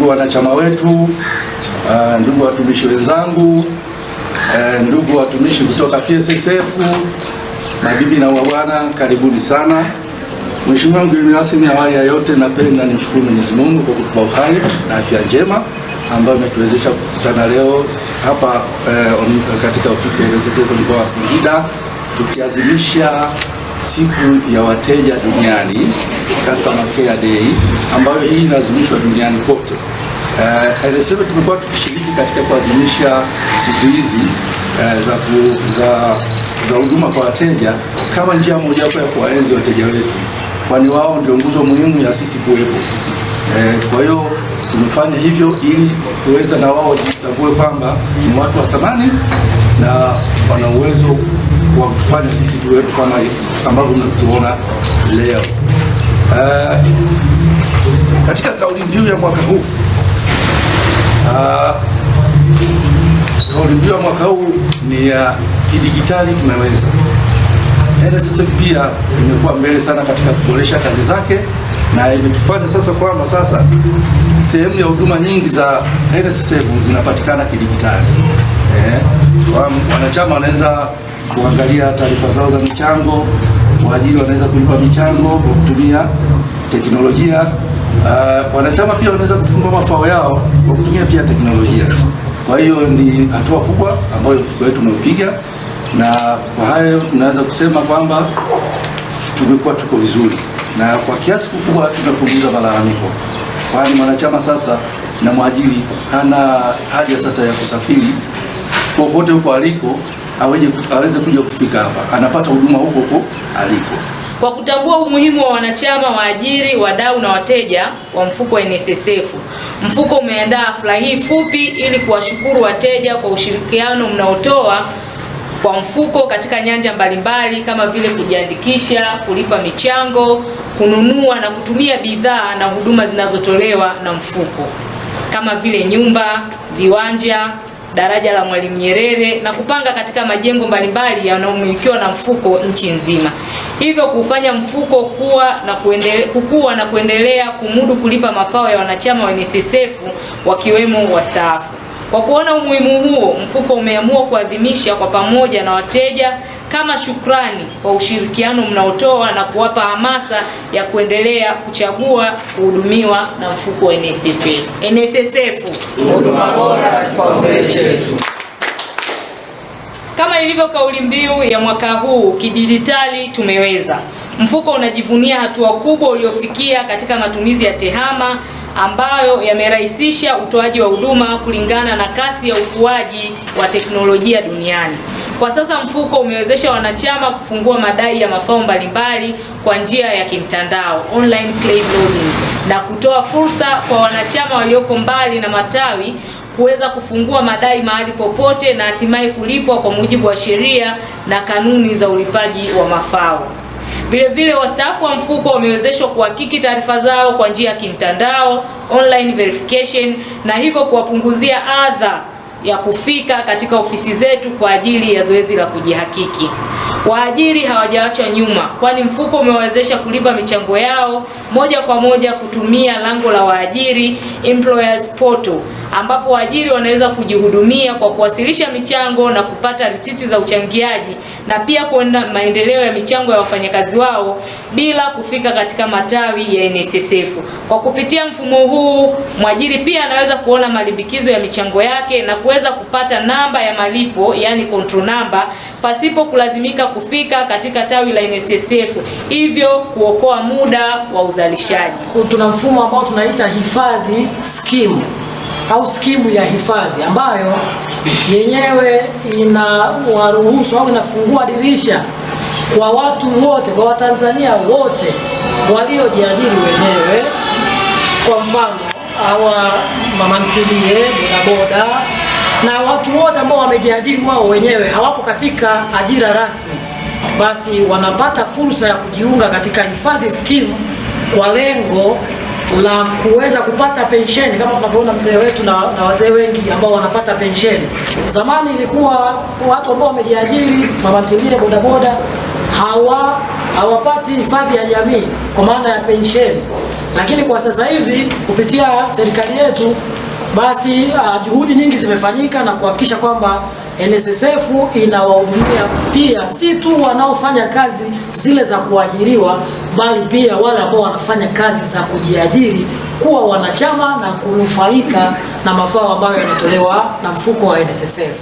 ndugu wanachama wetu, uh, ndugu watumishi wenzangu, uh, ndugu watumishi kutoka PSSF, mabibi na mabwana, karibuni sana. Mheshimiwa mgeni rasmi, awali ya yote napenda nimshukuru Mwenyezi Mungu kwa kutupa uhai na afya njema ambayo imetuwezesha kukutana leo hapa eh, katika ofisi ya PSSF mkoa wa Singida tukiazimisha siku ya wateja duniani Customer Care Day ambayo hii inaadhimishwa duniani kote. Uh, tumekuwa tukishiriki katika kuadhimisha siku hizi uh, za za za huduma kwa wateja kama njia mojawapo ya kuwaenzi wateja wetu, kwani wao ndio nguzo muhimu ya sisi kuwepo. Uh, kwa hiyo tumefanya hivyo ili kuweza na wao wajitambue kwamba ni watu wa thamani na wana uwezo kwa kufanya sisi tuwepo kama ambavyo mnatuona leo. Uh, katika kauli mbiu ya mwaka huu uh, kauli mbiu ya mwaka huu ni ya uh, kidigitali tumeweza. NSSF pia imekuwa mbele sana katika kuboresha kazi zake na imetufanya sasa kwamba sasa sehemu ya huduma nyingi za NSSF zinapatikana kidigitali eh, wanachama wanaweza kuangalia taarifa zao za michango. Waajiri wanaweza kulipa michango kwa kutumia teknolojia. Uh, wanachama pia wanaweza kufungua mafao yao kwa kutumia pia teknolojia. Kwa hiyo ni hatua kubwa ambayo mfuko wetu umeupiga, na kwa hayo tunaweza kusema kwamba tumekuwa tuko vizuri na kwa kiasi kikubwa tunapunguza malalamiko, kwani mwanachama sasa na mwajiri hana haja sasa ya kusafiri popote huko aliko aweje, aweze kuja kufika hapa, anapata huduma huko huko aliko. Kwa kutambua umuhimu wa wanachama, waajiri, wadau na wateja wa mfuko wa NSSF, mfuko umeandaa hafla hii fupi ili kuwashukuru wateja kwa ushirikiano mnaotoa kwa mfuko katika nyanja mbalimbali kama vile kujiandikisha, kulipa michango, kununua na kutumia bidhaa na huduma zinazotolewa na mfuko kama vile nyumba, viwanja daraja la Mwalimu Nyerere na kupanga katika majengo mbalimbali yanayomilikiwa na mfuko nchi nzima, hivyo kufanya mfuko kuwa na kuendelea, kukua na kuendelea kumudu kulipa mafao ya wanachama wa NSSF wakiwemo wastaafu. Kwa kuona umuhimu huo, mfuko umeamua kuadhimisha kwa pamoja na wateja kama shukrani kwa ushirikiano mnaotoa na kuwapa hamasa ya kuendelea kuchagua kuhudumiwa na mfuko wa NSSF. NSSF, huduma bora kwa chetu. Kama ilivyo kauli mbiu ya mwaka huu kidijitali tumeweza, mfuko unajivunia hatua kubwa uliofikia katika matumizi ya tehama ambayo yamerahisisha utoaji wa huduma kulingana na kasi ya ukuaji wa teknolojia duniani. Kwa sasa mfuko umewezesha wanachama kufungua madai ya mafao mbalimbali kwa njia ya kimtandao online claim lodging, na kutoa fursa kwa wanachama walioko mbali na matawi kuweza kufungua madai mahali popote na hatimaye kulipwa kwa mujibu wa sheria na kanuni za ulipaji wa mafao. Vilevile, wastaafu wa mfuko wamewezeshwa kuhakiki taarifa zao kwa njia ya kimtandao online verification, na hivyo kuwapunguzia adha ya kufika katika ofisi zetu kwa ajili ya zoezi la kujihakiki. Waajiri hawajaachwa nyuma, kwani mfuko umewawezesha kulipa michango yao moja kwa moja kutumia lango la waajiri employers portal, ambapo waajiri wanaweza kujihudumia kwa kuwasilisha michango na kupata risiti za uchangiaji na pia kuona maendeleo ya michango ya wafanyakazi wao bila kufika katika matawi ya NSSF. Kwa kupitia mfumo huu, mwajiri pia anaweza kuona malimbikizo ya michango yake na kuweza kupata namba ya malipo, yani control number, pasipo kulazimika katika kufika katika tawi la NSSF, hivyo kuokoa muda wa uzalishaji. Tuna mfumo ambao tunaita hifadhi skimu au skimu ya hifadhi ambayo yenyewe inawaruhusu au inafungua dirisha kwa watu wote, kwa Watanzania wote waliojiajiri wenyewe, kwa mfano hawa mamantilie, bodaboda na watu wote ambao wamejiajiri wao wenyewe hawako katika ajira rasmi, basi wanapata fursa ya kujiunga katika hifadhi skimu kwa lengo la kuweza kupata pensheni kama tunavyoona mzee wetu na, na wazee wengi ambao wanapata pensheni. Zamani ilikuwa watu ambao wamejiajiri mamatilie bodaboda hawa hawapati hifadhi ya jamii kwa maana ya pensheni, lakini kwa sasa hivi kupitia serikali yetu basi uh, juhudi nyingi zimefanyika na kuhakikisha kwamba NSSF inawahudumia pia si tu wanaofanya kazi zile za kuajiriwa, bali pia wale ambao wanafanya kazi za kujiajiri kuwa wanachama na kunufaika na mafao ambayo yanatolewa na mfuko wa NSSF.